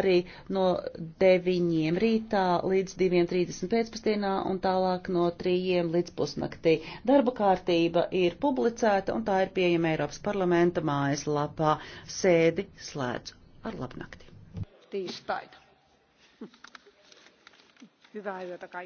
arī no 9 rītā līdz 2.30 pēcpusdienā un tālāk no 3 līdz pusnaktī. Darba kārtība ir publicēta un tā ir pieejama Eiropas parlamenta mājaslapā. Sēdi slēdzu ar labnakti. Tīši taida. Hyvää yötä kaikille.